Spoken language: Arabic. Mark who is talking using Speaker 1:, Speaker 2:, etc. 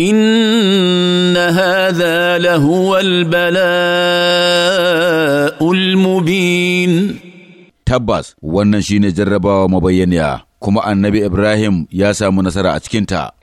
Speaker 1: ان هذا لهو البلاء
Speaker 2: المبين تبس وانا جربا مبينيا كما النبي ابراهيم يا سامو نصر